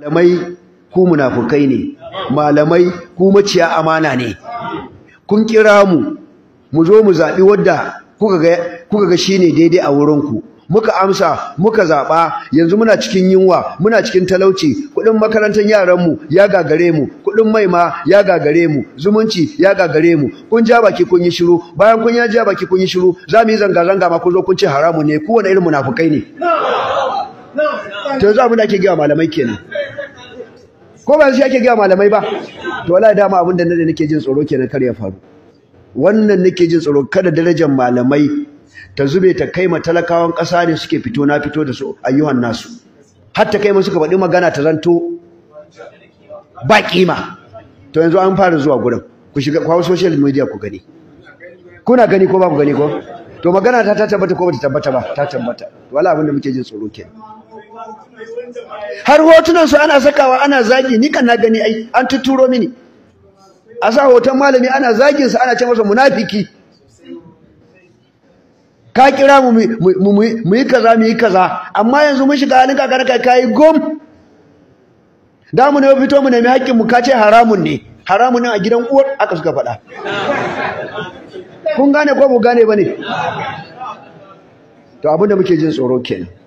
malamai ku munafukai ne malamai ku maciya amana ne kun kira mu mu zo mu zaɓi wadda kuka ga kuka ga shine daidai a wurin ku muka amsa muka zaɓa yanzu muna cikin yunwa muna cikin talauci kuɗin makarantar yaranmu ya gagare mu kuɗin mai ma ya gagare mu zumunci ya gagare mu kun ja baki kun yi shiru bayan kun ya ja baki kun yi shiru za mu yi zanga-zanga ma kun zo kun ce haramu ne kowane irin munafukai ne to yanzu abin da ake ga malamai kenan ko ba shi ake gaya malamai ba to wallahi dama abin da nake jin tsoro kenan kar ya faru wannan nake jin tsoro kada darajar malamai ta zube ta kai ma talakawan ƙasa ne suke fito na fito da su ayyuhan nasu har ta kai ma suka faɗi magana ta zanto ba kima to yanzu an fara zuwa gurin ku shiga kwa social media ku gani kuna gani ko ba ku gani ko to magana ta ta tabbata ko ba ta tabbata ba ta tabbata wala abin da muke jin tsoro kenan har hotunan su ana sakawa ana zagi ni kan na gani ai an tuturo mini a sa hoton malami ana zagin sa ana ce masa munafiki ka kira mu mu mu mu yi kaza mu yi kaza amma yanzu mun shiga halin kakar kai kai gom da mu ne fito mu mai haƙƙin mu ka ce haramun ne haramun ne a gidan uwar aka suka faɗa kun gane ko mu gane bane to abinda muke jin tsoro kenan